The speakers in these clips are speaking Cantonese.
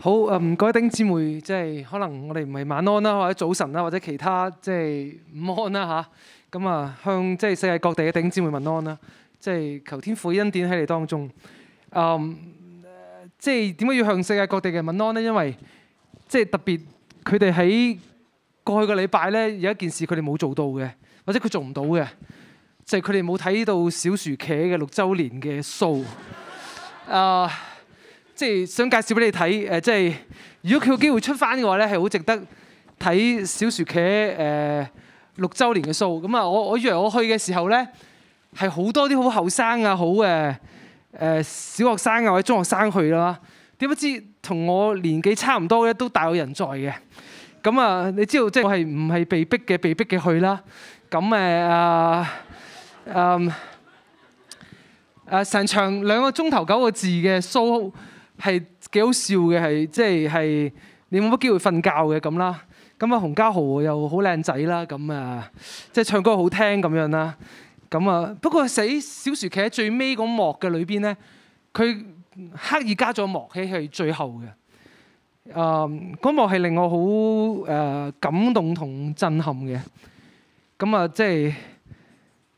好，唔、嗯、該，頂姊妹，即係可能我哋唔係晚安啦，或者早晨啦，或者其他即係午安啦吓，咁啊，向即係世界各地嘅頂姊妹問安啦，即係求天父恩典喺你當中。嗯，即係點解要向世界各地嘅問安咧？因為即係特別佢哋喺過去個禮拜咧有一件事佢哋冇做到嘅，或者佢做唔到嘅，即係佢哋冇睇到小薯茄嘅六週年嘅、呃、show 啊！ 即係想介紹俾你睇，誒即係如果佢有機會出翻嘅話咧，係好值得睇小薯茄誒、呃、六週年嘅 show。咁啊，我我以為我去嘅時候咧係好多啲好後生啊，好誒誒小學生啊或者中學生去啦。點不知同我年紀差唔多嘅都大有人在嘅。咁啊，你知道即係我係唔係被逼嘅？被逼嘅去啦。咁誒啊，誒、呃、成、呃、場兩個鐘頭九個字嘅 show。係幾好笑嘅，係即係你冇乜機會瞓覺嘅咁啦。咁啊，洪嘉豪又好靚仔啦，咁啊即係唱歌好聽咁樣啦。咁啊，不過死小薯企喺最尾嗰幕嘅裏邊咧，佢刻意加咗幕喺係最後嘅。啊、嗯，嗰幕係令我好誒、呃、感動同震撼嘅。咁啊，即係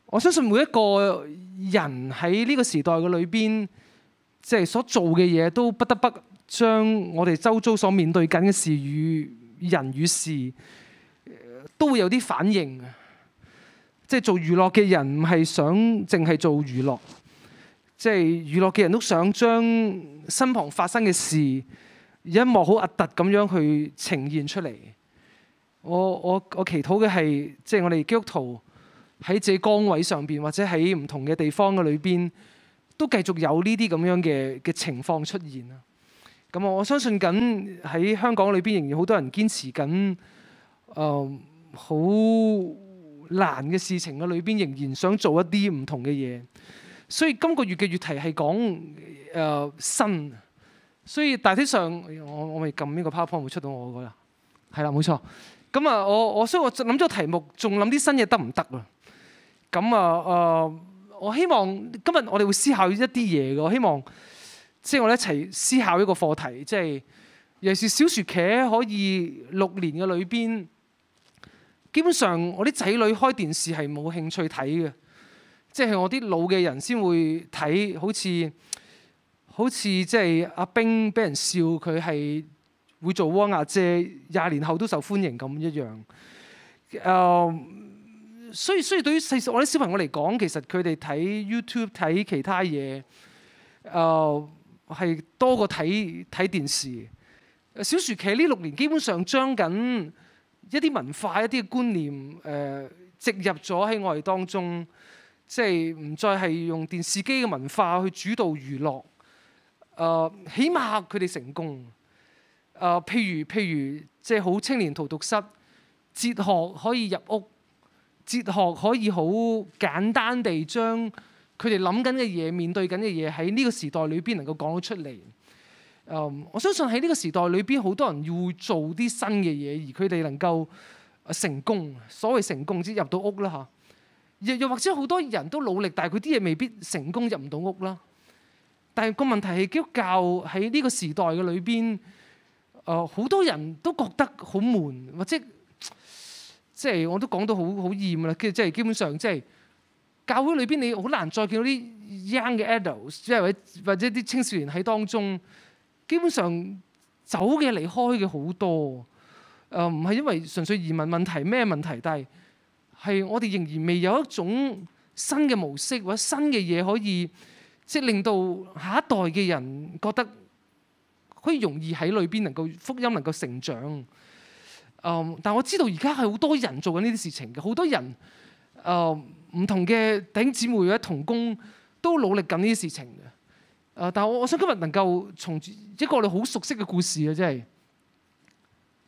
我相信每一個人喺呢個時代嘅裏邊。即係所做嘅嘢都不得不將我哋周遭所面對緊嘅事與人與事都會有啲反應啊！即係做娛樂嘅人唔係想淨係做娛樂，即係娛樂嘅人都想將身旁發生嘅事一幕好核突咁樣去呈現出嚟。我我我祈禱嘅係，即係我哋基督徒喺自己崗位上邊或者喺唔同嘅地方嘅裏邊都繼續有呢啲咁樣嘅嘅情況出現啦。咁啊，我相信緊喺香港裏邊仍然好多人堅持緊誒好難嘅事情嘅裏邊，裡面仍然想做一啲唔同嘅嘢。所以今個月嘅月題係講誒、呃、新。所以大體上，我我咪撳呢個 PowerPoint 會出到我個啦。係啦，冇錯。咁啊，我我所以我諗咗題目，仲諗啲新嘢得唔得啊？咁啊啊～、呃我希望今日我哋會思考一啲嘢嘅，我希望即係我哋一齊思考一個課題，即係尤其是小薯茄可以六年嘅裏邊，基本上我啲仔女開電視係冇興趣睇嘅，即係我啲老嘅人先會睇，好似好似即係阿冰俾人笑佢係會做汪阿姐，廿年後都受歡迎咁一樣。誒、呃。所以，所以對於細我啲小朋友嚟講，其實佢哋睇 YouTube 睇其他嘢，誒、呃、係多過睇睇電視。小薯茄呢六年基本上將緊一啲文化、一啲嘅觀念誒、呃、植入咗喺我哋當中，即係唔再係用電視機嘅文化去主導娛樂，誒、呃，起碼佢哋成功。呃、譬如譬如即係好青年荼毒室，哲學可以入屋。哲學可以好簡單地將佢哋諗緊嘅嘢、面對緊嘅嘢，喺呢個時代裏邊能夠講到出嚟。誒、um，我相信喺呢個時代裏邊，好多人要做啲新嘅嘢，而佢哋能夠成功。所謂成功，即係入到屋啦嚇。又又或者好多人都努力，但係佢啲嘢未必成功，入唔到屋啦。但係個問題係基督教喺呢個時代嘅裏邊，誒、呃、好多人都覺得好悶或者。即係我都講到好好厭啦，即係基本上即係教會裏邊，你好難再見到啲 young 嘅 adults，即係或者啲青少年喺當中，基本上走嘅離開嘅好多，誒，唔係因為純粹移民問題咩問題，但係係我哋仍然未有一種新嘅模式或者新嘅嘢可以，即係令到下一代嘅人覺得可以容易喺裏邊能夠福音能夠成長。誒、嗯，但我知道而家係好多人做緊呢啲事情嘅，好多人誒，唔、呃、同嘅弟兄姊妹或同工都努力緊呢啲事情嘅。誒、呃，但係我我想今日能夠從一個我哋好熟悉嘅故事啊，真係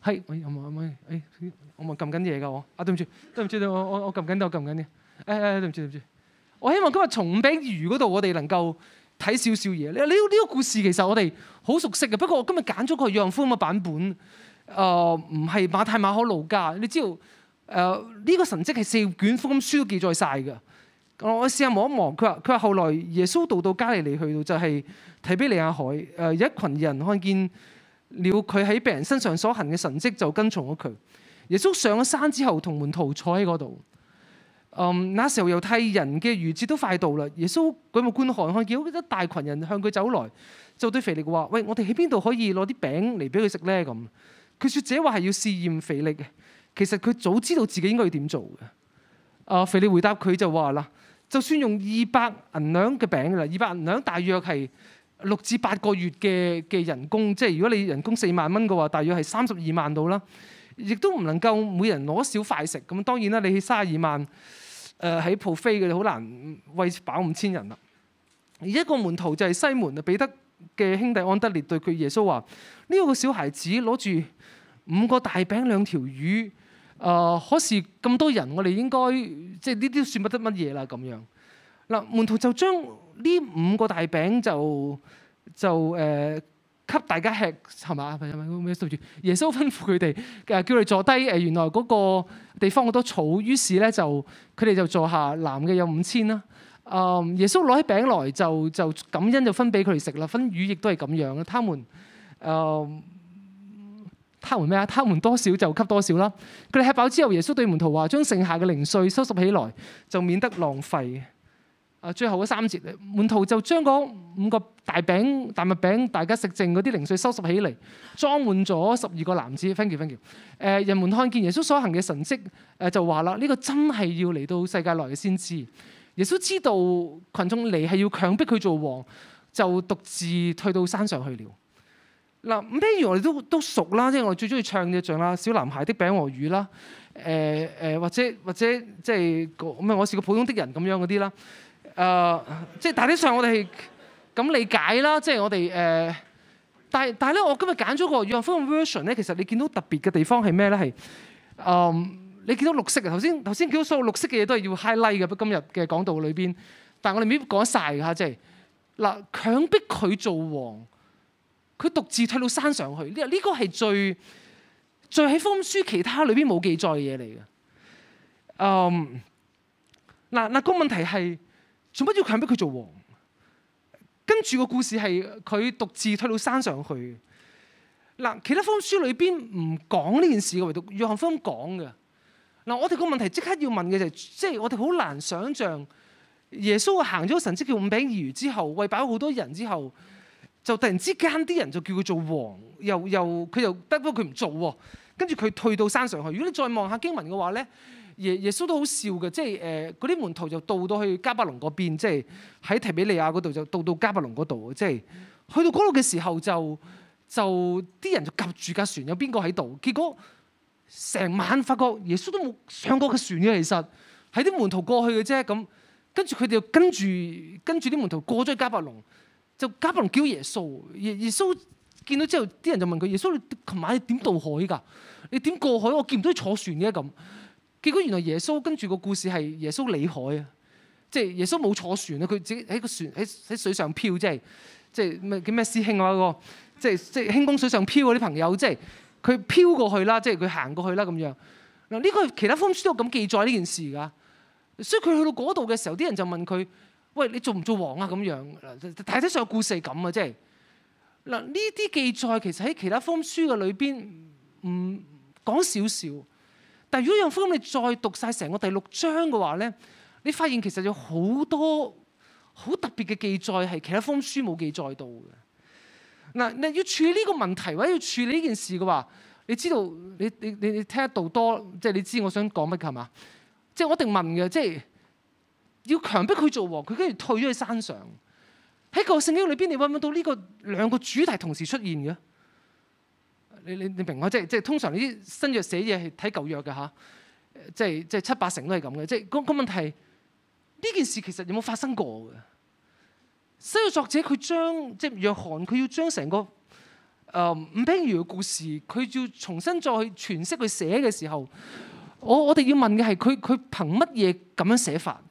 係喂，我冇有冇？誒，我咪撳緊嘢㗎我。啊，對唔住，對唔住、哎哎哎，對我我我撳緊，我撳緊嘅。誒誒，對唔住對唔住。我希望今日從餅魚嗰度，我哋能夠睇少少嘢。呢呢呢個故事其實我哋好熟悉嘅，不過我今日揀咗個約翰嘅版本。誒唔係馬太、馬可、路加，你知道誒呢、呃這個神跡係四卷福音書都記載晒嘅。我試下望一望，佢話佢話後來耶穌到到加利利去到，就係、是、提比利亞海誒有、呃、一群人看見了佢喺病人身上所行嘅神跡，就跟從咗佢。耶穌上咗山之後，同門徒坐喺嗰度。嗯、呃，那時候猶太人嘅逾節都快到啦。耶穌舉目觀看，看見一大群人向佢走來，就對腓力話：，喂，我哋喺邊度可以攞啲餅嚟俾佢食咧？咁。佢説這話係要試驗腓力嘅，其實佢早知道自己應該要點做嘅。阿腓力回答佢就話啦：就算用二百銀兩嘅餅啦，二百銀兩大約係六至八個月嘅嘅人工，即係如果你人工四萬蚊嘅話，大約係三十二萬到啦，亦都唔能夠每人攞少塊食。咁當然啦，你去三十二萬誒喺鋪飛嘅，好難餵飽五千人啦。而一個門徒就係西門啊，彼得，嘅兄弟安德烈對佢耶穌話：呢、這個小孩子攞住五個大餅兩條魚，啊、呃！可是咁多人，我哋應該即係呢啲算不得乜嘢啦咁樣。嗱，門徒就將呢五個大餅就就誒，給、呃、大家吃係嘛？耶穌吩咐佢哋誒，叫佢坐低。誒，原來嗰個地方好多草，於是咧就佢哋就坐下。男嘅有五千啦。啊！Um, 耶穌攞起餅來就，就就感恩就分俾佢哋食啦。分魚亦都係咁樣啦。他們啊、呃，他們咩啊？他們多少就給多少啦。佢哋吃飽之後，耶穌對門徒話：將剩下嘅零碎收拾起來，就免得浪費。啊，最後嘅三節，門徒就將嗰五個大餅大麥餅，大家食剩嗰啲零碎收拾起嚟，裝滿咗十二個籃子。分條分條。誒、呃，人們看見耶穌所行嘅神跡，誒、呃、就話啦：呢、這個真係要嚟到世界內先知。耶穌知道群眾嚟係要強迫佢做王，就獨自退到山上去了。嗱，咩嘢我哋都都熟啦，即係我哋最中意唱嘅像啦，《小男孩的餅和魚》啦、呃，誒、呃、誒，或者或者即係咩？我係個普通的人咁樣嗰啲啦。誒、呃，即係大體上我哋係咁理解啦。即係我哋誒、呃，但係但係咧，我今日揀咗個約翰 version 咧，其實你見到特別嘅地方係咩咧？係，嗯、呃。你見到綠色啊？頭先頭先見到所有綠色嘅嘢都係要 highlight 嘅，今日嘅講道裏邊，但係我哋未必講晒曬嘅吓，即係嗱，強迫佢做王，佢獨自退到山上去。呢、呢個係最最喺封書其他裏邊冇記載嘅嘢嚟嘅。嗯、um，嗱、嗱、嗱，個問題係做乜要強迫佢做王？跟住個故事係佢獨自退到山上去。嗱，其他封書裏邊唔講呢件事嘅，唯獨約翰福音講嘅。嗱，我哋個問題即刻要問嘅就係，即係我哋好難想像耶穌行咗神蹟叫五餅二魚之後，餵飽好多人之後，就突然之間啲人就叫佢做王，又又佢又得，不過佢唔做喎。跟住佢退到山上去。如果你再望下經文嘅話咧，耶耶穌都好笑嘅，即係誒嗰啲門徒就到到去迦百農嗰邊，即係喺提比利亞嗰度就到到迦百農嗰度，即係去到嗰度嘅時候就，就啲人就夾住架船有邊個喺度，結果。成晚發覺耶穌都冇上過個船嘅，其實喺啲門徒過去嘅啫咁。跟住佢哋就跟住跟住啲門徒過咗去迦百農，就迦百農叫耶穌。耶耶穌見到之後，啲人就問佢：耶穌，你琴晚點渡海㗎？你點過海？我見唔到你坐船嘅咁。結果原來耶穌跟住個故事係耶穌履海啊，即係耶穌冇坐船啊，佢自己喺個船喺喺水上漂，即係即係咩叫咩師兄啊嗰個，即係、即係即係輕功水上漂嗰啲朋友即係。佢飄過去啦，即係佢行過去啦咁樣。嗱，呢個其他福音書都咁記載呢件事㗎，所以佢去到嗰度嘅時候，啲人就問佢：喂，你做唔做王啊？咁樣，睇得上有故事感啊！即係嗱，呢啲記載其實喺其他福音書嘅裏邊唔講少少，但係如果用福音你再讀晒成個第六章嘅話咧，你發現其實有好多好特別嘅記載係其他福音書冇記載到嘅。嗱，你要處理呢個問題或者要處理呢件事嘅話，你知道你你你你聽得到多，即係你知我想講乜嘅係嘛？即係我一定問嘅，即係要強迫佢做喎，佢跟住退咗去山上。喺舊聖經裏邊，你揾唔到呢個兩個主題同時出現嘅。你你你明唔明啊？即係即係通常呢啲新約寫嘢係睇舊約嘅吓，即係即係七八成都係咁嘅。即係個個問題，呢件事其實有冇發生過嘅？所以作者佢將即係約翰佢要將成個誒五餅二魚嘅故事，佢要重新再去詮釋，佢寫嘅時候，我我哋要問嘅係佢佢憑乜嘢咁樣寫法？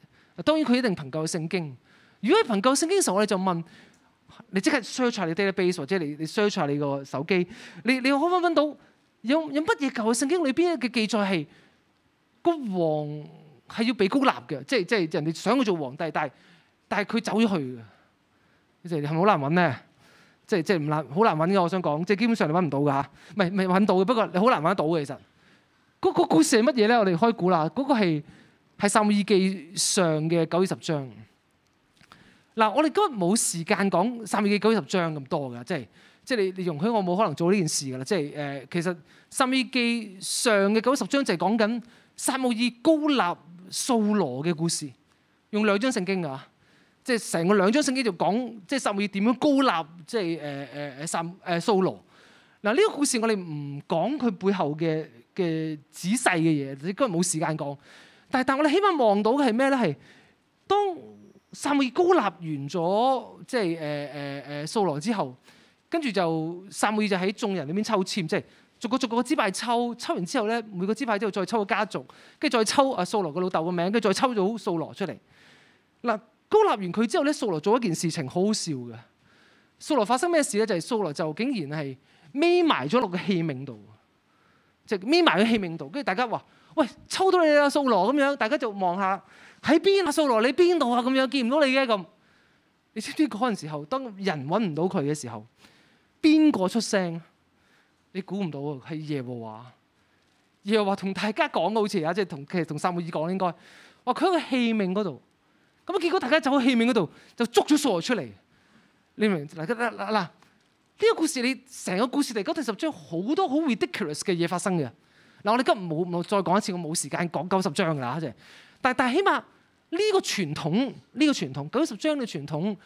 當然佢一定憑舊聖經。如果係憑舊聖經嘅時候，我哋就問你即刻 search 你 database 或者你你 search 下你個手機，你你可以揾揾到有有乜嘢舊嘅聖經裏邊嘅記載係、個王係要被孤立嘅？即係即係人哋想佢做皇帝，但係但係佢走咗去嘅。即係好難搵咧，即係即係唔難，好難搵噶。我想講，即係基本上你搵唔到噶吓，唔係唔係搵到嘅。不過你好難搵得到嘅，其實嗰嗰故事係乜嘢咧？我哋開估啦，嗰個係係《撒母耳記上》嘅九至十章。嗱，我哋今日冇時間講《撒母耳記》九至十章咁多噶，即係即係你你容許我冇可能做呢件事噶啦。即係誒，其實《撒母耳記上》嘅九至十章就係講緊撒母耳膏立掃羅嘅故事，用兩章聖經噶。即係成個兩章聖經就講，即係撒母耳點樣膏立，即係誒誒誒撒誒掃羅。嗱，呢個故事我哋唔講佢背後嘅嘅仔細嘅嘢，你今日冇時間講。但係但係我哋起碼望到嘅係咩咧？係當撒母耳膏立完咗，即係誒誒誒掃羅之後，跟住就撒母耳就喺眾人裏面抽籤，即係逐個逐個支派抽，抽完之後咧，每個支派之後再抽個家族，跟住再抽阿掃羅個老豆個名，跟住再抽咗掃羅出嚟。嗱。膏立完佢之後咧，掃羅做一件事情好好笑嘅。掃羅發生咩事咧？就係掃羅就竟然係匿埋咗落個器皿度，即係匿埋喺器皿度。跟住大家話：喂，抽到你啦，掃羅！咁樣大家就望下喺邊啊，掃羅你邊度啊？咁樣見唔到你嘅咁。你知唔知嗰陣時候，當人揾唔到佢嘅時候，邊個出聲？你估唔到喎，係耶和華。耶和華同大家講嘅好似啊，即係同其實同撒母耳講應該話佢喺個器皿嗰度。咁啊，結果大家走喺戲面嗰度，就捉咗數出嚟，你明？嗱嗱嗱，呢個故事你成個故事嚟九第十章好多好 ridiculous 嘅嘢發生嘅。嗱，我哋今日冇冇再講一次，我冇時間講九十章㗎啦，即係。但係但係，起碼呢個傳統，呢個傳統九十章嘅傳統。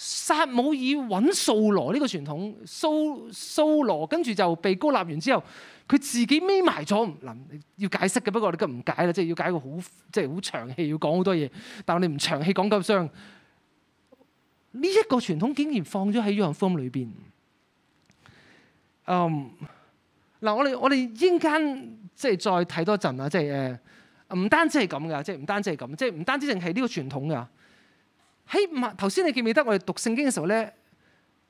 撒母耳揾掃羅呢個傳統，掃掃羅跟住就被膏立完之後，佢自己匿埋咗。唔能要解釋嘅，不過我哋今唔解啦，即係要解個好，即係好長氣，要講好多嘢。但係我哋唔長氣講緊商。呢一個傳統竟然放咗喺呢樣 form 裏邊。嗱，嗯，我哋我哋應間即係再睇多陣啦。即係誒，唔單止係咁㗎，即係唔單止係咁，即係唔單止淨係呢個傳統㗎。喺馬頭先你記唔記得我哋讀聖經嘅時候咧，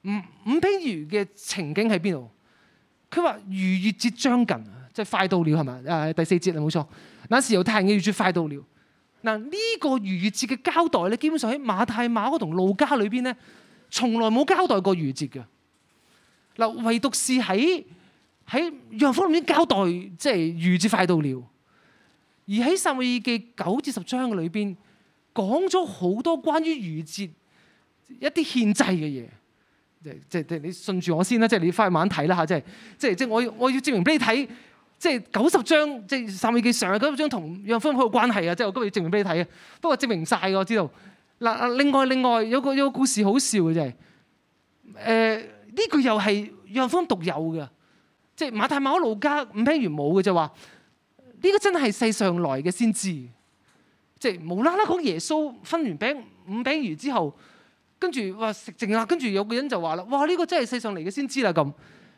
五餅二魚嘅情景喺邊度？佢話逾越節將近，即係快到了係咪？誒第四節啦，冇錯。那時猶太人嘅逾越節快到了。嗱呢、啊這個逾越節嘅交代咧，基本上喺馬太馬同路加裏邊咧，從來冇交代過逾越節嘅。嗱唯獨是喺喺約翰福音裏邊交代，即係逾越節快到了。而喺聖經嘅九至十章嘅裏邊。講咗好多關於逾越節一啲獻祭嘅嘢，即即即你信住我先啦，即係你翻去慢慢睇啦吓，即係即即我要我要證明俾你睇，即係九十章即係《撒母耳記上》九十章同約翰好有關係啊，即係我今日要證明俾你睇啊，不過證明晒我知道。嗱另外另外有個有個故事好笑嘅真係，誒呢、呃、句又係約翰獨有嘅，即係馬太馬可路加五餅二魚冇嘅就話呢個真係世上來嘅先知。即係無啦啦講耶穌分完餅五餅魚之後，跟住話食剩啦，跟住有個人就話啦，哇！呢、這個真係世上嚟嘅先知啦咁。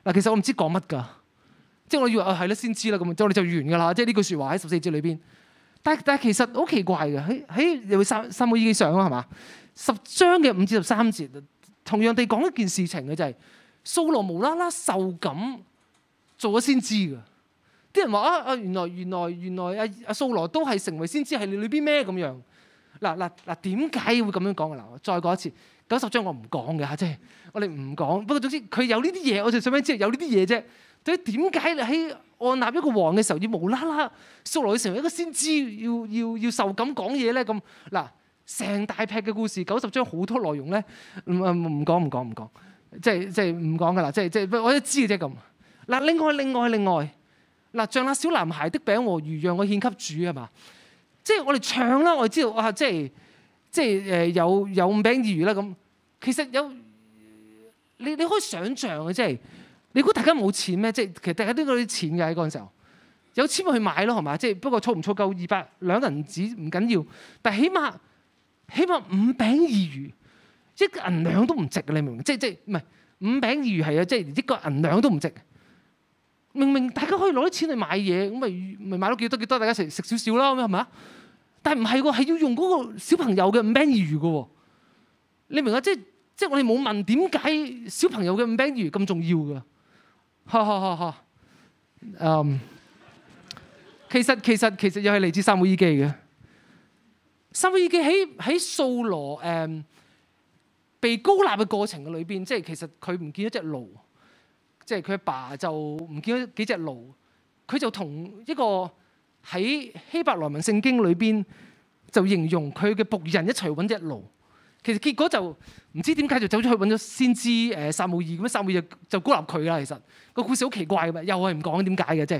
嗱，其實我唔知講乜㗎，即係我以為啊係啦，先知啦咁，我你就完㗎啦。即係呢句説話喺十四節裏邊，但係但係其實好奇怪嘅，喺喺又撒母耳記上啦係嘛？十章嘅五至十三節，同樣地講一件事情嘅就係、是，掃羅無啦啦受感做咗先知㗎。啲人話啊啊！原來原來原來阿阿掃羅都係成為先知，係你裏邊咩咁樣嗱嗱嗱？點解會咁樣講嘅嗱？再講一次，九十章我唔講嘅吓，即係我哋唔講。不過總之佢有呢啲嘢，我就想問，知道有呢啲嘢啫。所以點解喺按立一個王嘅時候，要無啦啦掃羅去成為一個先知，要要要受感講嘢咧？咁嗱，成大劈嘅故事，九十章好多內容咧，唔唔唔講唔講唔講，即係即係唔講嘅啦，即係即係我一知嘅啫咁嗱。另外另外另外。嗱，像嗱小男孩的餅和魚讓我獻給主係嘛？即係我哋唱啦，我哋知道哇、啊！即係即係誒有有五餅二魚啦咁。其實有你你可以想像嘅，即係你估大家冇錢咩？即係其實大家都有啲錢嘅喺嗰陣時候，有錢咪去買咯係嘛？即係不過措唔措夠二百兩銀紙唔緊要，但係起碼起碼五餅二魚，一個銀兩都唔值，你明唔明？即係即係唔係五餅二魚係啊？即係一個銀兩都唔值。明明大家可以攞啲錢去買嘢，咁咪咪買到幾多幾多少，大家食食少少啦，咁樣係咪啊？但係唔係喎，係要用嗰個小朋友嘅五餅二魚嘅喎、哦。你明唔明啊？即即我哋冇問點解小朋友嘅五餅二魚咁重要嘅。嚇嚇嚇嚇！誒、um,，其實其實、um, 其實又係嚟自《撒母耳記》嘅。《撒母耳記》喺喺掃羅誒被膏立嘅過程嘅裏邊，即係其實佢唔見咗隻驢。即係佢阿爸就唔見咗幾隻驢，佢就同一個喺希伯來文聖經裏邊就形容佢嘅僕人一齊揾啲驢，其實結果就唔知點解就走咗去揾咗先知誒撒母耳，咁樣撒母耳就就膏立佢啦。其實個故事好奇怪嘅，又係唔講點解嘅，即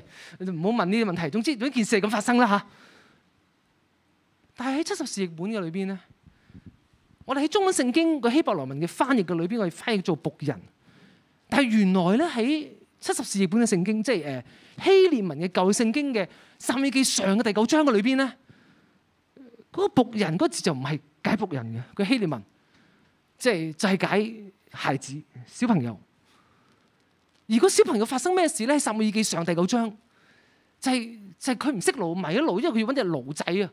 係唔好問呢啲問題。總之，有一件事係咁發生啦嚇。但係喺七十士譯本嘅裏邊咧，我哋喺中文聖經個希伯來文嘅翻譯嘅裏邊，我哋翻譯做僕人。但係原來咧喺七十士譯本嘅聖經，即係誒希臘文嘅舊聖經嘅《撒母耳記上》嘅第九章嘅裏邊咧，嗰、那個僕人嗰字就唔係解僕人嘅，佢希臘文即係就係、是、解孩子小朋友。如果小朋友發生咩事咧，《撒母耳記上》第九章就係、是、就係佢唔識路，迷咗路，因為佢要揾隻驢仔啊。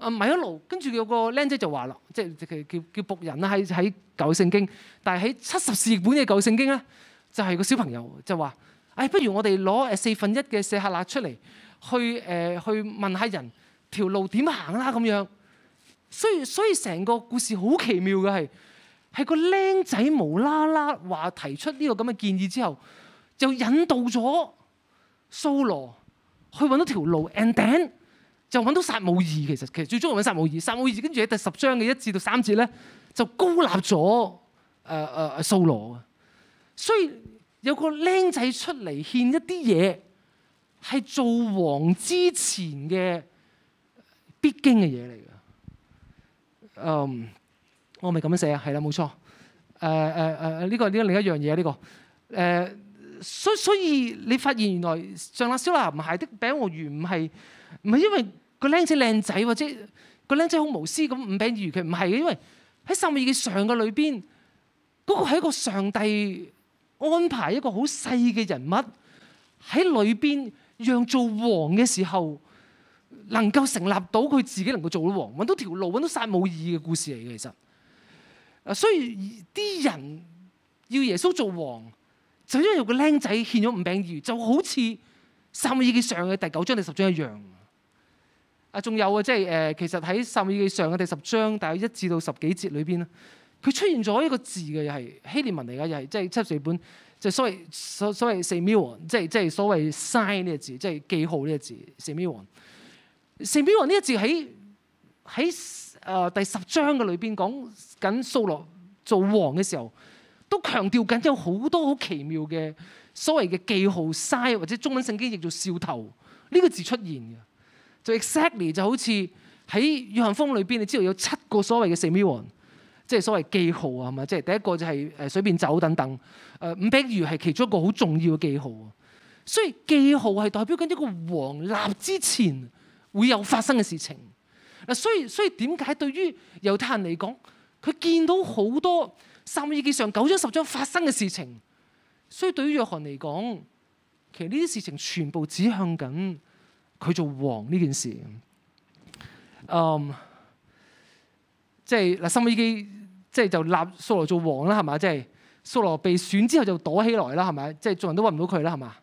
啊，迷咗路，跟住有個僆仔就話啦，即係叫即叫僕人啦，喺喺舊聖經，但係喺七十士本嘅舊聖經咧，就係、是、個小朋友就話：，誒、哎，不如我哋攞誒四分一嘅舍客勒出嚟，去誒、呃、去問下人條路點行啦咁樣。所以所以成個故事好奇妙嘅係係個僆仔無啦啦話提出呢個咁嘅建議之後，就引導咗掃羅去揾到條路，and 就揾到撒母耳，其實其實最終揾撒母耳，撒母耳跟住喺第十章嘅一至到三節咧，就膏立咗誒誒掃羅啊，所以有個僆仔出嚟獻一啲嘢，係做王之前嘅必經嘅嘢嚟嘅。嗯，我咪咁樣寫啊，係啦，冇錯。誒誒誒，呢、呃呃這個呢、這個、另一樣嘢呢個誒、這個呃，所以所以你發現原來上納燒拿唔係的餅和魚唔係唔係因為。個僆仔靚仔或者個僆仔好無私咁五餅二魚，佢唔係嘅，因為喺《撒母耳記》上嘅裏邊，嗰個係一個上帝安排一個好細嘅人物喺裏邊，裡面讓做王嘅時候能夠成立到佢自己能夠做到王，揾到條路，揾到撒母耳嘅故事嚟嘅。其實，所以啲人要耶穌做王，就因為有個僆仔獻咗五餅二魚，就好似《撒母耳記》上嘅第九章第十章一樣。啊，仲有啊，即係誒、呃，其實喺《撒母耳記上》嘅第十章，大概一至到十幾節裏邊咧，佢出現咗一個字嘅，又係希臘文嚟噶，又係即係七十士本，即係所謂所所謂 semeion 即係即係所謂 sign 呢個字，即係記號呢個字，semeion semeion 呢個字喺喺誒第十章嘅裏邊講緊掃羅做王嘅時候，都強調緊有好多好奇妙嘅所謂嘅記號 sign 或者中文聖經譯做兆頭呢個字出現嘅。就 exactly 就好似喺《約翰福音》裏邊，你知道有七個所謂嘅 semeion，即係所謂記號啊，係咪？即係第一個就係誒水變酒等等，誒、呃、五餅二魚係其中一個好重要嘅記號啊。所以記號係代表緊一個王立之前會有發生嘅事情。嗱，所以所以點解對於猶太人嚟講，佢見到好多撒母耳記上九章十章發生嘅事情，所以對於約翰嚟講，其實呢啲事情全部指向緊。佢做王呢件事，嗯，即係嗱，心依基，即係就立掃羅做王啦，係嘛？即係掃羅被選之後就躲起來啦，係咪？即係眾人都揾唔到佢啦，係嘛？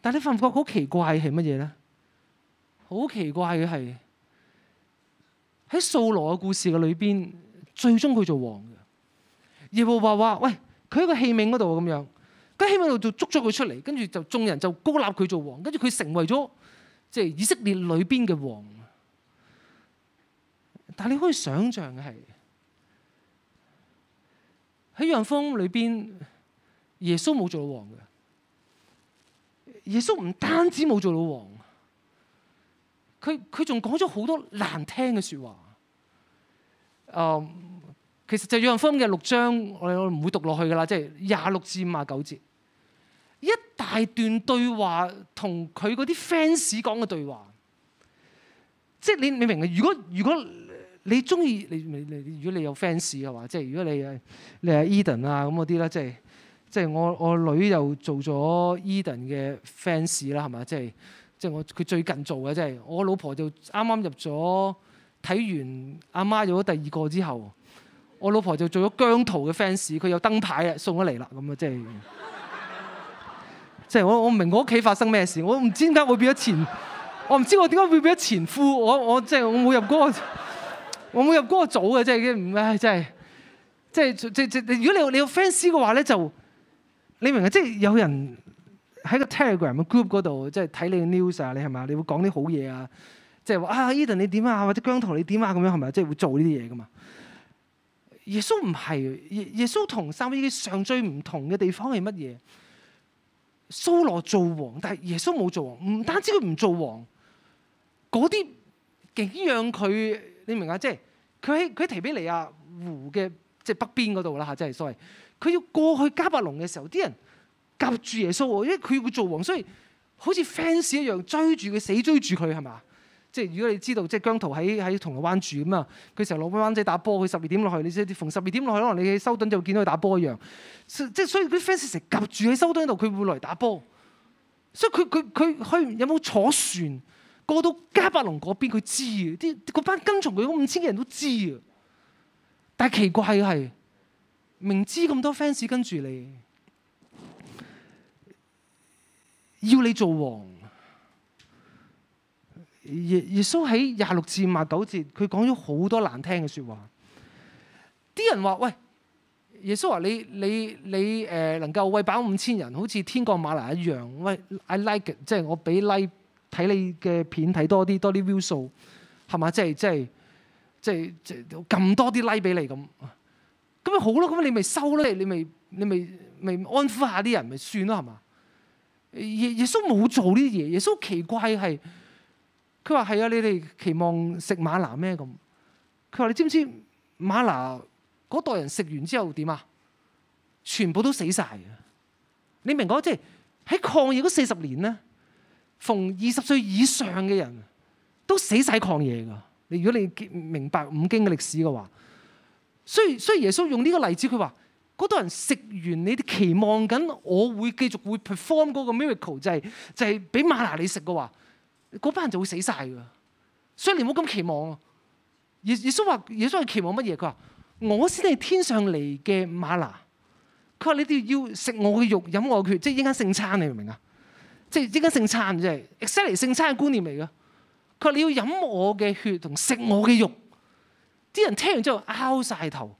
但係你發覺好奇怪係乜嘢咧？好奇怪嘅係喺掃羅嘅故事嘅裏邊，最終佢做王嘅。耶和華話：喂，佢喺個器皿嗰度咁樣，跟住器皿度就捉咗佢出嚟，跟住就眾人就高立佢做王，跟住佢成為咗。即係以色列裏邊嘅王，但係你可以想象係喺約翰福音裏邊，耶穌冇做到王嘅。耶穌唔單止冇做到王，佢佢仲講咗好多難聽嘅説話。誒、嗯，其實就約翰福音嘅六章，我哋唔會讀落去㗎啦，即係廿六至五十九節。一大段對話同佢嗰啲 fans 講嘅對話，即係你你明唔明？如果如果你中意你你你，如果你有 fans 嘅話，即係如果你係你係 Eden 啊咁嗰啲啦，即係即係我我女又做咗 Eden 嘅 fans 啦，係嘛？即係即係我佢最近做嘅，即係我老婆就啱啱入咗睇完阿媽有咗第二個之後，我老婆就做咗姜濤嘅 fans，佢有燈牌啊，送咗嚟啦，咁啊即係。 即係我我唔明我屋企發生咩事，我唔知點解會變咗前，我唔知我點解會變咗前夫，我我即係我冇入嗰個，我冇、就是、入嗰個組嘅，即係已經唔唉，即係即係即即如果你有你有 fans 嘅話咧，就你明啊，即、就、係、是、有人喺個 Telegram 嘅 group 嗰度，即係睇你嘅 news 啊，你係咪啊？你會講啲好嘢、就是、啊，即係話啊，Eden 你點啊，或者姜濤你點啊，咁樣係咪啊？即、就、係、是、會做呢啲嘢噶嘛？耶穌唔係，耶耶穌同三位嘅上最唔同嘅地方係乜嘢？蘇羅做王，但係耶穌冇做王。唔單止佢唔做王，嗰啲敬仰佢，你明唔明啊？即係佢喺佢喺提比尼亞湖嘅即係北邊嗰度啦嚇，即係 sorry。佢要過去加百隆嘅時候，啲人夾住耶穌，因為佢要做王，所以好似 fans 一樣追住佢，死追住佢係嘛？即係如果你知道，即係姜濤喺喺銅鑼灣住咁啊，佢成日落銅灣仔打波。佢十二點落去，你即逢十二點落去，可能你修頓就會見到佢打波一樣。即係所以啲 fans 成日夾住喺修頓度，佢會嚟打波。所以佢佢佢去有冇坐船過到迦百農嗰邊？佢知啊！啲嗰班跟從佢五千人都知啊。但係奇怪係，明知咁多 fans 跟住你，要你做王。耶耶穌喺廿六至五十九節，佢講咗好多難聽嘅説話。啲人話：喂，耶穌話、啊、你你你誒、呃、能夠餵飽五千人，好似天降嗎哪一樣。喂，I like it, 即係我俾 like 睇你嘅片睇多啲多啲 view 數，係嘛？即係即係即係即係咁多啲 like 俾你咁咁咪好咯？咁你咪收咯，你咪你咪咪安撫下啲人咪算咯，係嘛？耶耶穌冇做呢啲嘢，耶穌奇怪係。佢話係啊，你哋期望食馬拿咩咁？佢話你知唔知馬拿嗰代人食完之後點啊？全部都死晒嘅。你明唔明？即係喺曠野嗰四十年咧，逢二十歲以上嘅人都死晒曠野㗎。你如果你明白五經嘅歷史嘅話，所以所以耶穌用呢個例子，佢話嗰代人食完你哋期望緊，我會繼續會 perform 嗰個 miracle，就係就係俾馬拿你食嘅話。嗰班人就會死晒㗎，所以你唔好咁期望啊。耶耶穌話：耶穌係期望乜嘢？佢話：我先係天上嚟嘅馬娜。佢話：你哋要食我嘅肉、飲我嘅血，即係一家聖餐，你明唔明啊？即係一家聖餐，即係 exactly 聖餐嘅觀念嚟嘅。佢話：你要飲我嘅血同食我嘅肉。啲人聽完之後拗晒頭。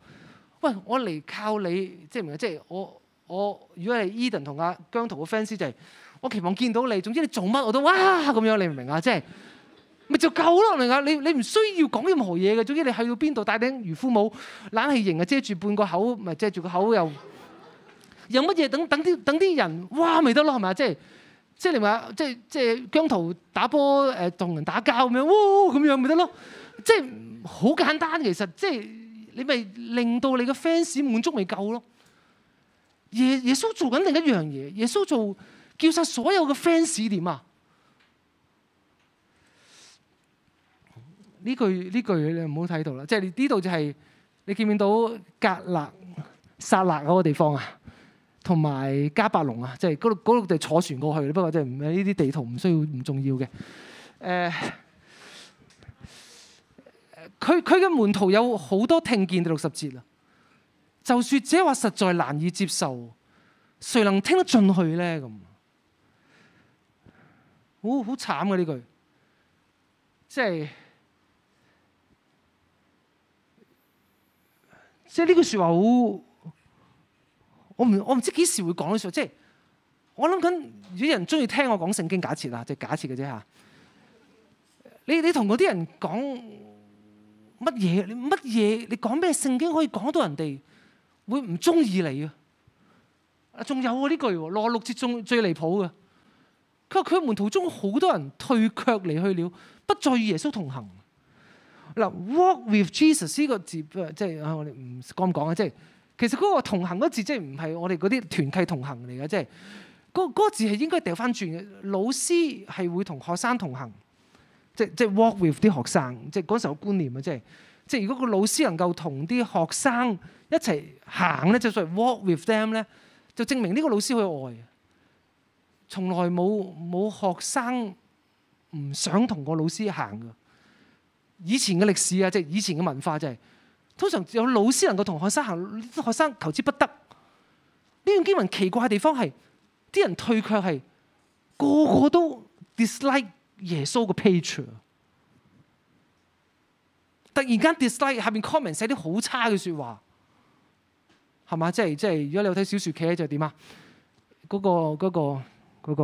喂，我嚟靠你，即係唔明即係我我，如果係 Edan 同阿姜濤嘅 fans 就係。我期望見到你，總之你做乜我都哇咁樣，你明唔明啊？即係咪就夠咯？明啊，你你唔需要講任何嘢嘅。總之你去到邊度，戴頂漁夫帽、冷氣型啊，遮住半個口，咪遮住個口又有乜嘢？等等啲等啲人哇，咪得咯，係咪啊？即係即係你話，即係即係姜濤打波誒，同、呃、人打交咁樣，哇咁樣咪得咯？即係好簡單，其實即係、就是、你咪令到你個 fans 滿足咪夠咯？耶耶穌做緊另一樣嘢，耶穌做。叫晒所有嘅 fans 點啊？呢句呢句你唔好睇到啦，即係呢度就係、是、你見唔見到格勒撒勒嗰個地方啊？同埋迦百農啊，即係嗰度嗰度就坐船過去，不過即係呢啲地圖唔需要唔重要嘅。誒、呃，佢佢嘅門徒有好多聽見第六十節啦。就説這話實在難以接受，誰能聽得進去咧？咁。好好慘啊，呢句，即係即係呢句説話好，我唔我唔知幾時會講呢句話，即係我諗緊如果有人中意聽我講聖經，假設啊，即係假設嘅啫嚇。你你同嗰啲人講乜嘢？乜嘢？你講咩聖經可以講到人哋會唔中意你啊？仲有啊呢句喎，羅六節中最離譜嘅。佢話：佢門徒中好多人退卻離去了，不再與耶穌同行。嗱，walk with Jesus 呢個字，即係我哋唔講唔講啊！即係、就是、其實嗰個同行嗰字，即係唔係我哋嗰啲團契同行嚟嘅，即係嗰個字係應該掉翻轉嘅。老師係會同學生同行，即係即係 walk with 啲學生，即係嗰陣時嘅觀念啊！即係即係如果個老師能夠同啲學生一齊行咧，就所謂 walk with them 咧，就證明呢個老師去愛。從來冇冇學生唔想同個老師行嘅。以前嘅歷史啊，即係以前嘅文化就係、是，通常有老師能夠同學生行，啲學生求之不得。呢段經文奇怪嘅地方係，啲人退卻係個個都 dislike 耶穌嘅 picture。突然間 dislike 下邊 comment 寫啲好差嘅説話，係嘛？即係即係，如果你有睇小説劇就點啊？嗰個嗰個。那個嗰個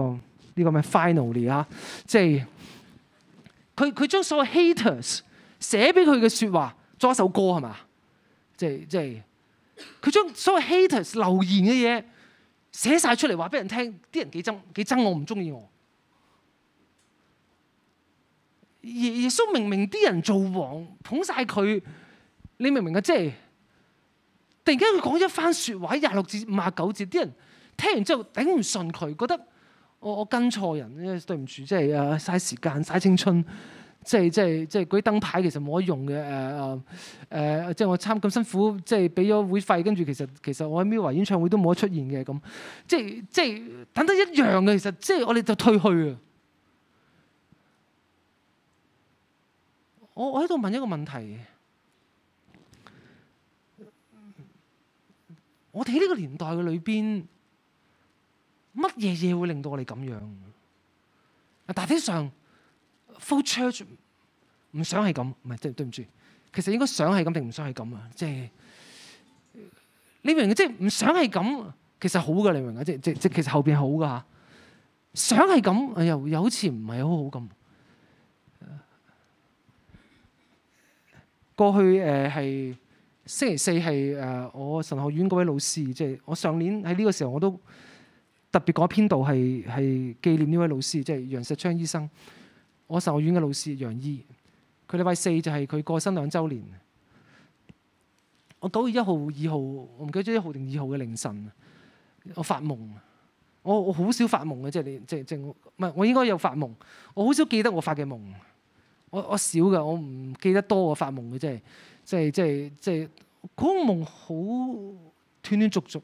呢個咩 finally 啊，即係佢佢將所謂 haters 寫俾佢嘅説話，作一首歌係嘛？即係即係佢將所謂 haters 留言嘅嘢寫晒出嚟，話俾人聽。啲人幾憎幾憎我唔中意我。而耶耶穌明明啲人做王捧晒佢，你明唔明啊？即係突然間佢講一番説話，廿六至五廿九節，啲人聽完之後頂唔順佢，覺得。我我跟錯人，即係對唔住，即係誒嘥時間嘥青春，即係即係即係啲燈牌其實冇得用嘅誒誒，即係我參咁辛苦，即係俾咗會費，跟住其實其實我喺 MIRROR 演唱會都冇得出現嘅咁，即係即係等得一樣嘅，其實即係我哋就退去啊！我我喺度問一個問題，我哋呢個年代嘅裏邊。乜嘢嘢會令到我哋咁樣？大體上，flow church 唔想係咁，唔係即係對唔住，其實應該想係咁定唔想係咁啊。即係，你明唔明？即係唔想係咁，其實好噶，你明唔明？即即即其實後邊好噶嚇。想係咁，又又好似唔係好好咁。過去誒係星期四係誒我神學院嗰位老師，即係，我上年喺呢個時候我都。特別嗰篇道係係紀念呢位老師，即係楊石昌醫生。我受學院嘅老師楊醫，佢禮拜四就係佢過身兩週年。我九月一號、二號，我唔記得咗一號定二號嘅凌晨，我發夢。我我好少發夢嘅，即係你即係正，唔係我應該有發夢。我好少記得我發嘅夢。我我少嘅，我唔記得多我發夢嘅，即係即係即係即係嗰個夢好斷斷續續。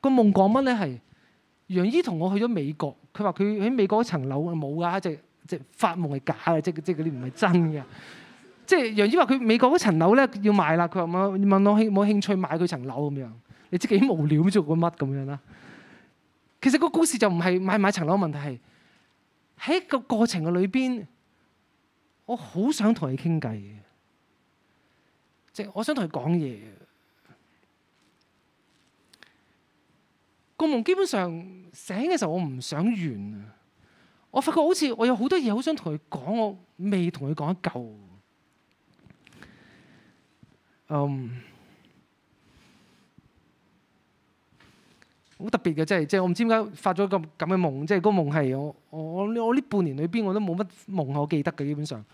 個夢講乜咧？係。楊姨同我去咗美國，佢話佢喺美國嗰層樓冇㗎、啊，即係即係發夢係假嘅，即即係嗰啲唔係真嘅。即係楊姨話佢美國嗰層樓咧要賣啦，佢話問我興冇興趣買佢層樓咁樣，你知幾無聊做過乜咁樣啦？其實個故事就唔係買買層樓問題，係喺個過程嘅裏邊，我好想同佢傾偈嘅，即係我想同佢講嘢。個夢基本上醒嘅時候，我唔想完啊！我發覺好似我有好多嘢，好想同佢講，我未同佢講得夠。嗯、um，好特別嘅，即係即係我唔知點解發咗、即係、個咁嘅夢，即係個夢係我我我呢半年裏邊我都冇乜夢可記得嘅。基本上呢、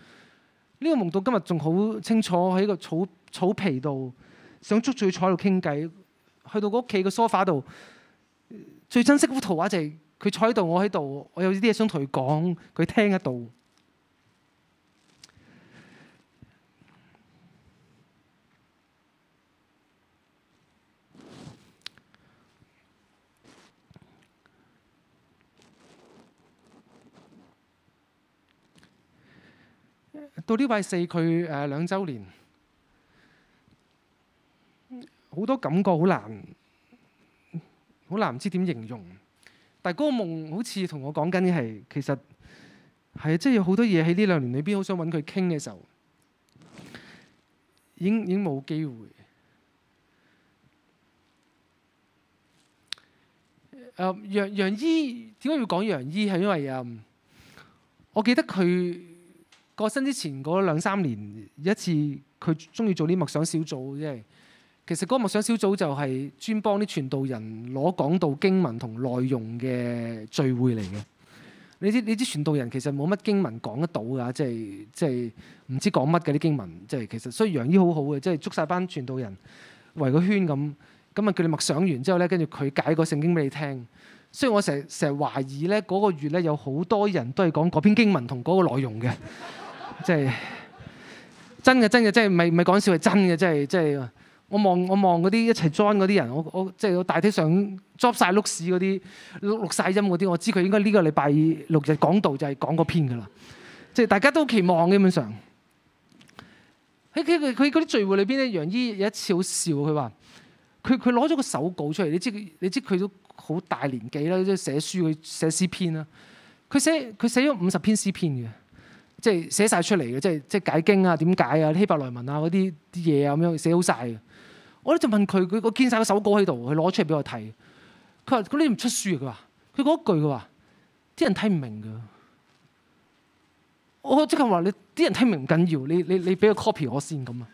呢個夢到今日仲好清楚，喺個草草皮度想捉住佢坐喺度傾偈，去到個屋企嘅梳化度。最珍惜幅圖畫就係佢坐喺度，我喺度，我有啲嘢想同佢講，佢聽得到,到,到拜。到呢拜四佢誒兩周年，好多感覺好難。好難唔知點形容，但係嗰個夢好似同我講緊嘅係，其實係啊，即係有好多嘢喺呢兩年裏邊，好想搵佢傾嘅時候，已經已經冇機會。啊、嗯，楊楊姨點解要講楊姨？係因為啊、嗯，我記得佢過身之前嗰兩三年一次，佢中意做啲默想小組，即係。其實嗰個默想小組就係專幫啲傳道人攞講道經文同內容嘅聚會嚟嘅。你知你知傳道人其實冇乜經文講得到㗎，即係即係唔知講乜嘅啲經文。即係其實所以楊姨好好嘅，即係捉晒班傳道人圍個圈咁，咁啊叫你默想完之後咧，跟住佢解個聖經俾你聽。所以我成成日懷疑咧，嗰個月咧有好多人都係講嗰篇經文同嗰個內容嘅， 即係真嘅真嘅，即係唔係唔係講笑，係真嘅，即係即係。我望我望嗰啲一齊 join 嗰啲人，我我即係我大體上 job 曬碌屎嗰啲碌錄曬音嗰啲，我知佢應該呢個禮拜六日講道就係講嗰篇噶啦，即係大家都期望基本上喺佢佢嗰啲聚會裏邊咧，楊姨有一次好笑，佢話佢佢攞咗個手稿出嚟，你知你知佢都好大年紀啦，即係寫書佢寫詩篇啦，佢寫佢寫咗五十篇詩篇嘅。即係寫晒出嚟嘅，即係即係解經啊，點解啊，希伯來文啊嗰啲啲嘢啊咁樣寫好晒嘅。我咧就問佢，佢我見曬個手稿喺度，佢攞出嚟俾我睇。佢話，你唔出書啊？佢話，佢講句，佢話，啲人睇唔明㗎。我即刻話你，啲人聽唔明唔緊要，你你你俾個 copy 我先咁啊！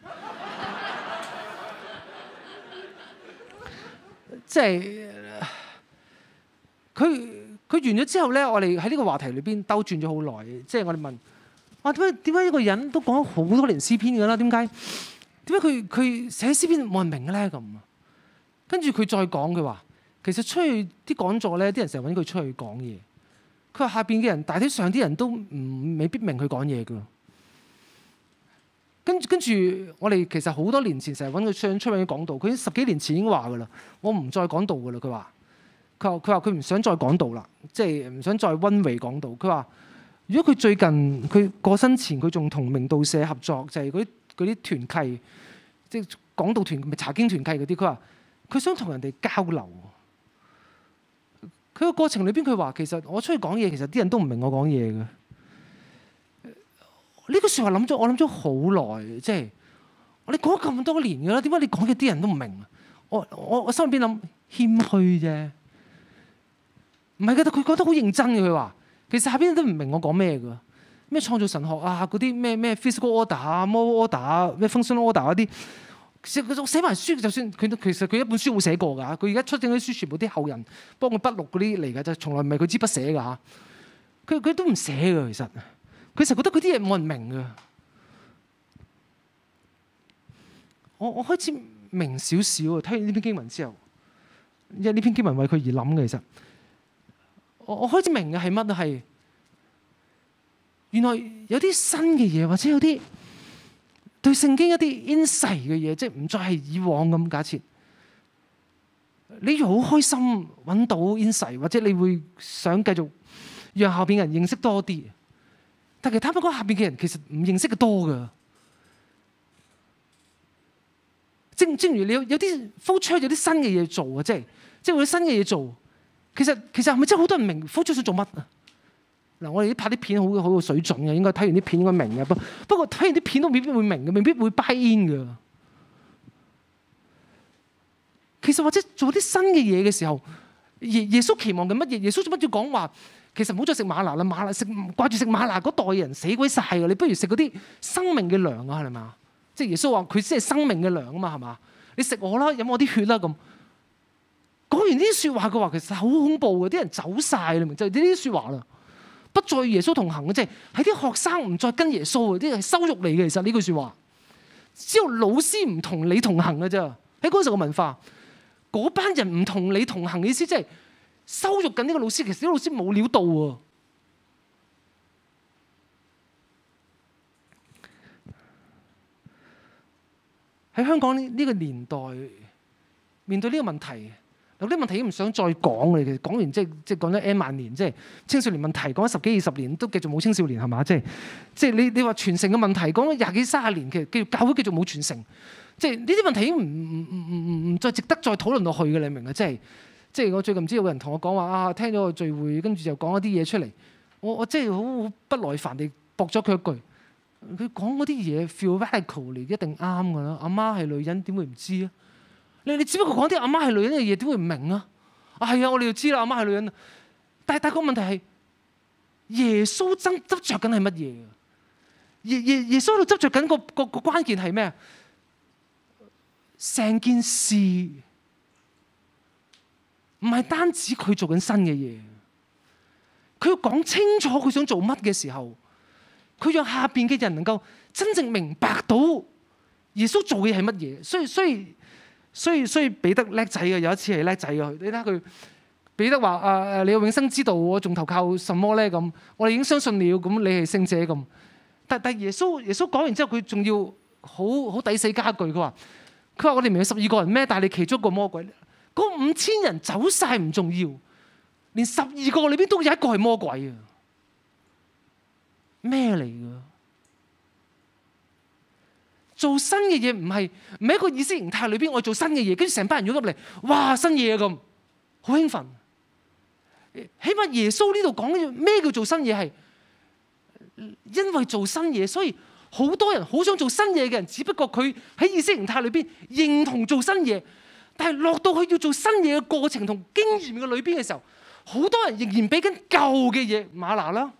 即係佢佢完咗之後咧，我哋喺呢個話題裏邊兜轉咗好耐，即係我哋問。哇！點解點解一個人都講咗好多年詩篇㗎啦？點解點解佢佢寫詩篇冇人明嘅咧？咁，跟住佢再講，佢話其實出去啲講座咧，啲人成日揾佢出去講嘢。佢話下邊嘅人，大體上啲人都唔未必明佢講嘢㗎。跟跟住我哋其實好多年前成日揾佢上出面講道，佢十幾年前已經話㗎啦。我唔再講道㗎啦。佢話佢話佢話佢唔想再講道啦，即係唔想再温謐講道。佢話。如果佢最近佢過身前，佢仲同明道社合作，就係嗰啲啲團契，即係港道團、咪查經團契嗰啲。佢話佢想同人哋交流。佢個過程裏邊，佢話其實我出去講嘢，其實啲人，這個就是，人都唔明我講嘢嘅。呢句説話諗咗，我諗咗好耐。即係你講咁多年嘅啦，點解你講嘅啲人都唔明？我我我心入邊諗謙虛啫，唔係嘅，佢講得好認真嘅，佢話。其實下邊都唔明我講咩嘅，咩創造神學啊，嗰啲咩咩 physical order 啊，moral order 啊，咩 function order 嗰啲，其實佢寫埋書就算，佢其實佢一本書會寫過㗎。佢而家出整啲書，全部啲後人幫佢筆錄嗰啲嚟㗎就從來唔係佢支筆寫㗎嚇。佢佢都唔寫㗎，其實佢成日覺得佢啲嘢冇人明㗎。我我開始明少少啊，聽完呢篇經文之後，因為呢篇經文為佢而諗嘅其實。我我開始明嘅係乜？係原來有啲新嘅嘢，或者有啲對聖經一啲 insight 嘅嘢，即係唔再係以往咁假設。你又好開心揾到 insight，或者你會想繼續讓後邊嘅人認識多啲。但係他不嗰下邊嘅人其實唔認識嘅多㗎。正正如你有有啲 future 有啲新嘅嘢做啊，即係即係會有新嘅嘢做。其實其實係咪真係好多人明 flow church 想做乜啊？嗱，我哋啲拍啲片好好有水準嘅，應該睇完啲片應該明嘅。不過不過睇完啲片都未必會明嘅，未必會 buy in 嘅。其實或者做啲新嘅嘢嘅時候，耶耶穌期望緊乜嘢？耶穌做乜要講話？其實唔好再食嗎哪啦，嗎哪食掛住食嗎哪嗰代人死鬼晒㗎，你不如食嗰啲生命嘅糧啊？係咪啊？即係耶穌話佢先係生命嘅糧啊嘛？係嘛？你食我啦，飲我啲血啦咁。講完呢啲說話嘅話，其實好恐怖嘅，啲人走晒，你明？就呢啲說話啦。不再耶穌同行嘅，即係喺啲學生唔再跟耶穌啊，啲係羞辱你嘅。其實呢句說話，只有老師唔同你同行嘅啫。喺嗰時嘅文化，嗰班人唔同你同行嘅意思，就是，即係羞辱緊呢個老師。其實啲老師冇料到喎。喺香港呢個年代，面對呢個問題。有啲問題已經唔想再講嘅，其實講完，講完即係即係講咗 N 萬年，即係青少年問題講咗十幾二十年都繼續冇青少年係嘛？即係即係你你話傳承嘅問題講咗廿幾三十年，其實教會繼續冇傳承，即係呢啲問題已經唔唔唔唔唔再值得再討論落去嘅，你明㗎？即係即係我最近唔知有個人同我講話啊，聽咗個聚會，跟住就講一啲嘢出嚟，我我即係好不耐煩地駁咗佢一句，佢講嗰啲嘢 feel radical 嚟，一定啱㗎啦！阿媽係女人，點會唔知啊？你你只不過講啲阿媽係女人嘅嘢，點會唔明啊？係啊，我哋就知啦，阿媽係女人。但係大個問題係，耶穌真執着緊係乜嘢？耶耶耶穌喺度執着緊個個個關鍵係咩？成件事唔係單止佢做緊新嘅嘢，佢要講清楚佢想做乜嘅時候，佢讓下邊嘅人能夠真正明白到耶穌做嘅係乜嘢。所以所以。所以所以彼得叻仔嘅，有一次係叻仔嘅。你睇下佢彼得話：誒、啊、誒，你有永生之道，我仲投靠什麼咧？咁我哋已經相信了，咁你係聖者咁。但但耶穌耶穌講完之後，佢仲要好好抵死加一句，佢話：佢話我哋咪有十二個人咩？但係你其中一個魔鬼，嗰五千人走晒唔重要，連十二個裏邊都有一個係魔鬼啊！咩嚟噶？做新嘅嘢唔係，唔係一個意識形態裏邊我做新嘅嘢，跟住成班人湧入嚟，哇，新嘢咁，好興奮。起碼耶穌呢度講嘅咩叫做新嘢係，因為做新嘢，所以好多人好想做新嘢嘅人，只不過佢喺意識形態裏邊認同做新嘢，但係落到去要做新嘢嘅過程同經驗嘅裏邊嘅時候，好多人仍然俾緊舊嘅嘢馬拿啦。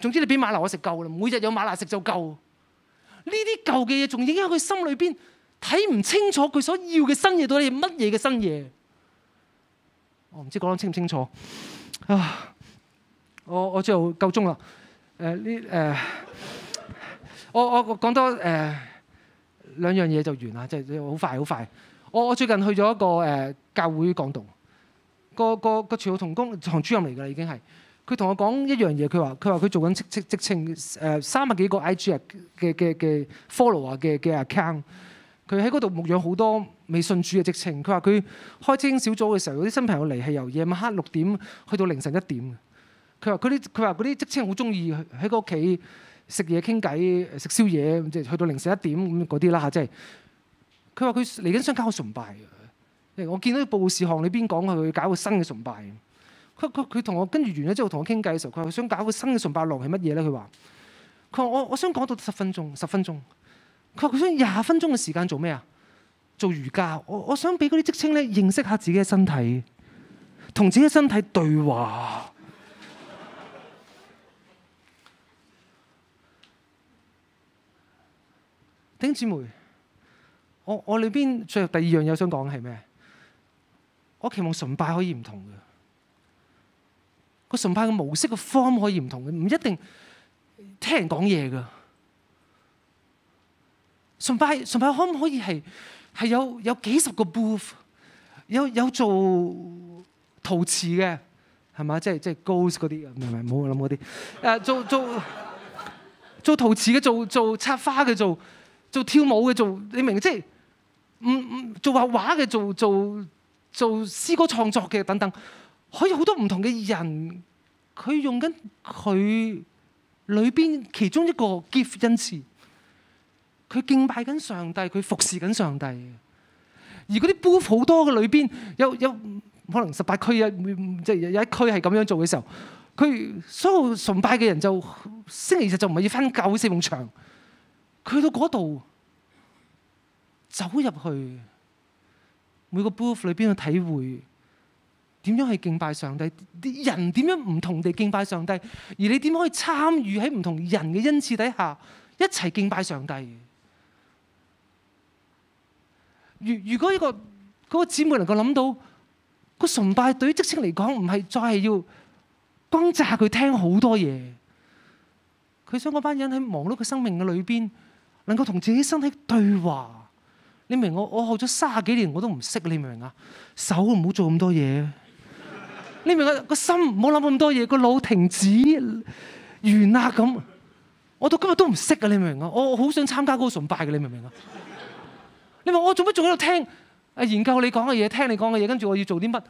總之你俾馬拿我食夠啦，每日有馬拿食就夠。呢啲舊嘅嘢仲影響佢心裏邊，睇唔清楚佢所要嘅新嘢到底係乜嘢嘅新嘢？我唔知講得清唔清楚啊？我我最後夠鐘啦。誒呢誒，我我講多誒兩、呃、樣嘢就完啦，即係好快好快。我我最近去咗一個誒、呃、教會講道，個個個廚學同工同主任嚟㗎喇，已經係。佢同我講一樣嘢，佢話佢話佢做緊即即即稱三十幾個 IG 嘅嘅嘅 follower 嘅嘅 account，佢喺嗰度牧養好多未信主嘅即稱佢話佢開清小組嘅時候，啲新朋友嚟係由夜晚黑六點去到凌晨一點。佢話佢啲佢話嗰啲即稱好中意喺個屋企食嘢傾偈食宵夜，即係去到凌晨一點咁嗰啲啦嚇，即係佢話佢嚟緊想搞個崇拜嘅，我見到報告事項裏邊講佢搞個新嘅崇拜。佢佢佢同我跟住完咗之後同我傾偈嘅時候，佢話佢想搞個新嘅崇拜，內容係乜嘢咧？佢話佢話我我想講到十分鐘，十分鐘。佢話佢想廿分鐘嘅時間做咩啊？做瑜伽。我我想俾嗰啲職青咧認識下自己嘅身體，同自己嘅身體對話。弟兄姊妹，我我裏邊最後第二樣嘢想講係咩？我期望崇拜可以唔同嘅。個崇拜嘅模式嘅 form 可以唔同嘅，唔一定聽人講嘢噶。崇拜崇拜可唔可以係係有有幾十個 booth，有有做陶瓷嘅，係嘛？即係即係 goals 嗰啲，唔唔好諗嗰啲。誒， 做做做陶瓷嘅，做做插花嘅，做做、做、做跳舞嘅，做你明？即係唔唔做畫畫嘅，做畫畫做做詩歌創作嘅等等。可以好多唔同嘅人，佢用緊佢裏邊其中一個 gift 恩賜，佢敬拜緊上帝，佢服侍緊上帝。而嗰啲 booth 好多嘅裏邊，有有可能十八區一，即係有一區係咁樣做嘅時候，佢所有崇拜嘅人就星期日就唔係要返教會四面牆，佢到嗰度走入去每個 booth 裏邊去體會。點樣去敬拜上帝？啲人點樣唔同地敬拜上帝？而你點可以參與喺唔同人嘅恩賜底下一齊敬拜上帝？如如果呢個嗰個姊妹能夠諗到，個崇拜對於職青嚟講唔係再係要轟炸佢聽好多嘢，佢想嗰班人喺忙碌嘅生命嘅裏邊，能夠同自己身體對話。你明我我學咗卅幾年我都唔識，你明唔明啊？手唔好做咁多嘢。你明唔明啊？個心唔好諗咁多嘢，個腦停止完啦咁。我到今日都唔識啊！你明唔明啊？我好想參加個崇拜嘅，你明唔 明啊？你問我做乜仲喺度聽？啊，研究你講嘅嘢，聽你講嘅嘢，跟住我要做啲乜？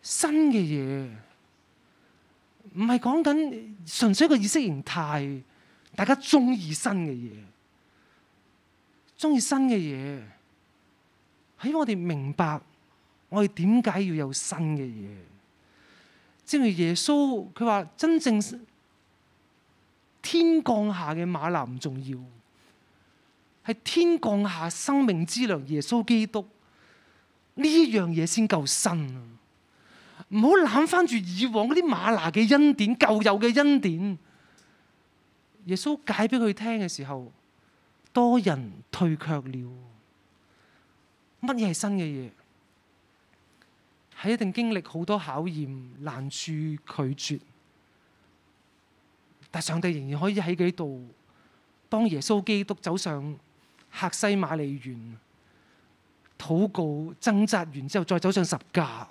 新嘅嘢唔係講緊純粹一個意識形態，大家中意新嘅嘢，中意新嘅嘢係因為我哋明白。我哋點解要有新嘅嘢？正如耶穌佢話：真正天降下嘅馬拿唔重要，係天降下生命之糧耶穌基督呢一樣嘢先夠新啊！唔好攬返住以往嗰啲馬拿嘅恩典、舊有嘅恩典。耶穌解俾佢聽嘅時候，多人退卻了。乜嘢係新嘅嘢？係一定經歷好多考驗、難處、拒絕，但上帝仍然可以喺佢度幫耶穌基督走上客西馬尼園，禱告掙扎完之後再走上十架，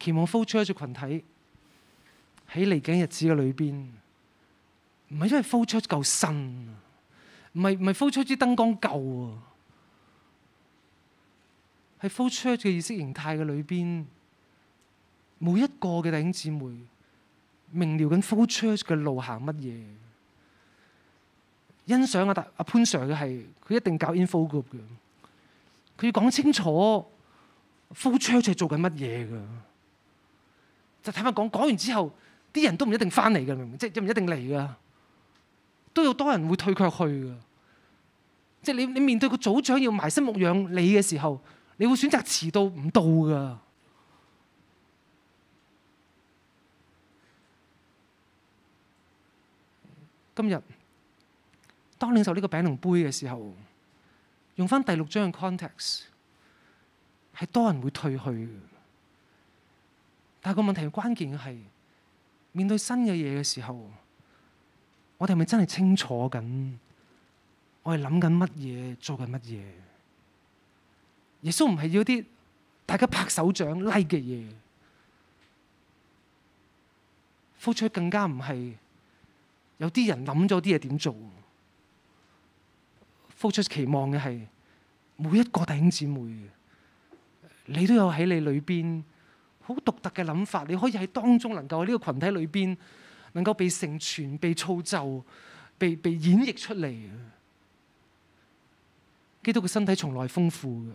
期望 flow church 一隻群體喺嚟緊日子嘅裏邊，唔係因為 flow church 夠新，唔係唔係 flow church 啲燈光夠，啊喺 full church 嘅意識形態嘅裏邊，每一個嘅弟兄姊妹明瞭緊 full church 嘅路行乜嘢，欣賞啊！但阿潘 sir 嘅係佢一定搞 info group 嘅，佢要講清楚 full church 係做緊乜嘢嘅。就坦白講，講完之後，啲人都唔一定翻嚟噶，明？即係唔一定嚟噶，都有多人會退卻去嘅。即係你你面對個組長要埋身牧養你嘅時候。你會選擇遲到唔到㗎？今日當領受呢個餅同杯嘅時候，用返第六章嘅 context，係多人會退去。但係個問題關鍵係面對新嘅嘢嘅時候，我哋係咪真係清楚緊？我哋諗緊乜嘢？做緊乜嘢？耶穌唔係要啲大家拍手掌 like 嘅嘢，付出更加唔係有啲人諗咗啲嘢點做，付出期望嘅係每一個弟兄姊妹，你都有喺你裏邊好獨特嘅諗法，你可以喺當中能夠喺呢個群體裏邊能夠被成全、被造就、被被演繹出嚟。基督嘅身體從來豐富嘅。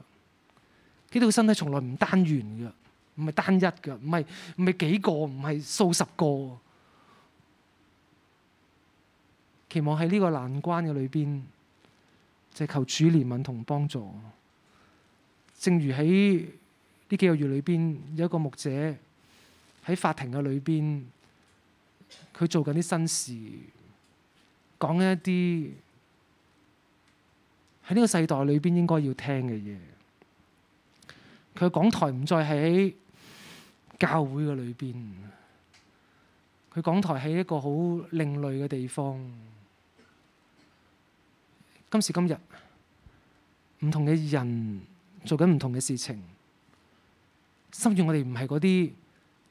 呢度身體從來唔單元嘅，唔係單一嘅，唔係唔係幾個，唔係數十個。期望喺呢個難關嘅裏邊，就係、求主憐憫同幫助。正如喺呢幾個月裏面，有一個牧者喺法庭嘅裏邊，佢做緊啲新事，講一啲喺呢個世代裏面應該要聽嘅嘢。佢講台唔再係喺教會嘅裏面，佢講台喺一個好另類嘅地方。今時今日，唔同嘅人做緊唔同嘅事情，心願我哋唔係嗰啲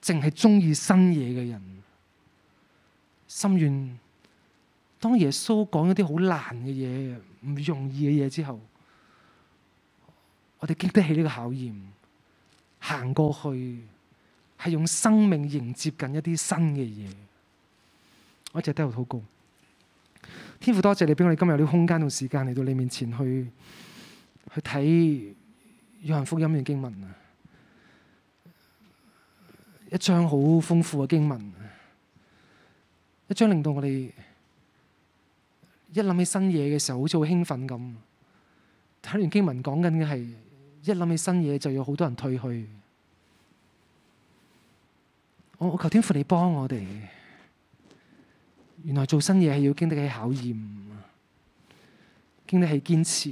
淨係中意新嘢嘅人。心願當耶穌講一啲好難嘅嘢，唔容易嘅嘢之後，我哋經得起呢個考驗。行過去係用生命迎接緊一啲新嘅嘢，我一直都喺度禱告。天父，多謝你俾我哋今日有啲空間同時間嚟到你面前去去睇《約翰福音》嘅經文啊，一張好豐富嘅經文，一張令到我哋一諗起新嘢嘅時候，好似好興奮咁。睇完經文講緊嘅係。一諗起新嘢，就有好多人退去我。我求天父你幫我哋。原來做新嘢係要經得起考驗，經得起堅持，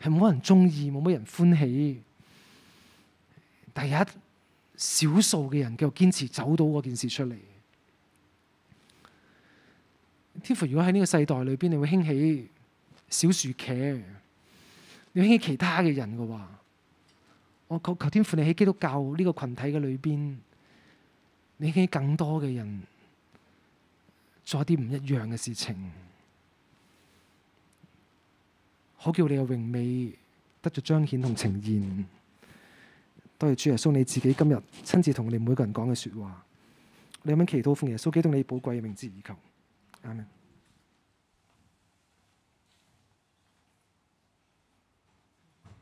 係冇乜人中意，冇乜人歡喜。第一，少數嘅人繼續堅持走到嗰件事出嚟。天父，如果喺呢個世代裏邊，你會興起小樹茄？你興起其他嘅人嘅話，我求求天父你喺基督教呢個群體嘅裏面。你興起更多嘅人做一啲唔一樣嘅事情，好叫你嘅榮美得着彰顯同呈現。多謝主耶穌你自己今日親自同你每個人講嘅說話，你有冇祈禱，奉耶穌基督你寶貴嘅名字以求？Amen.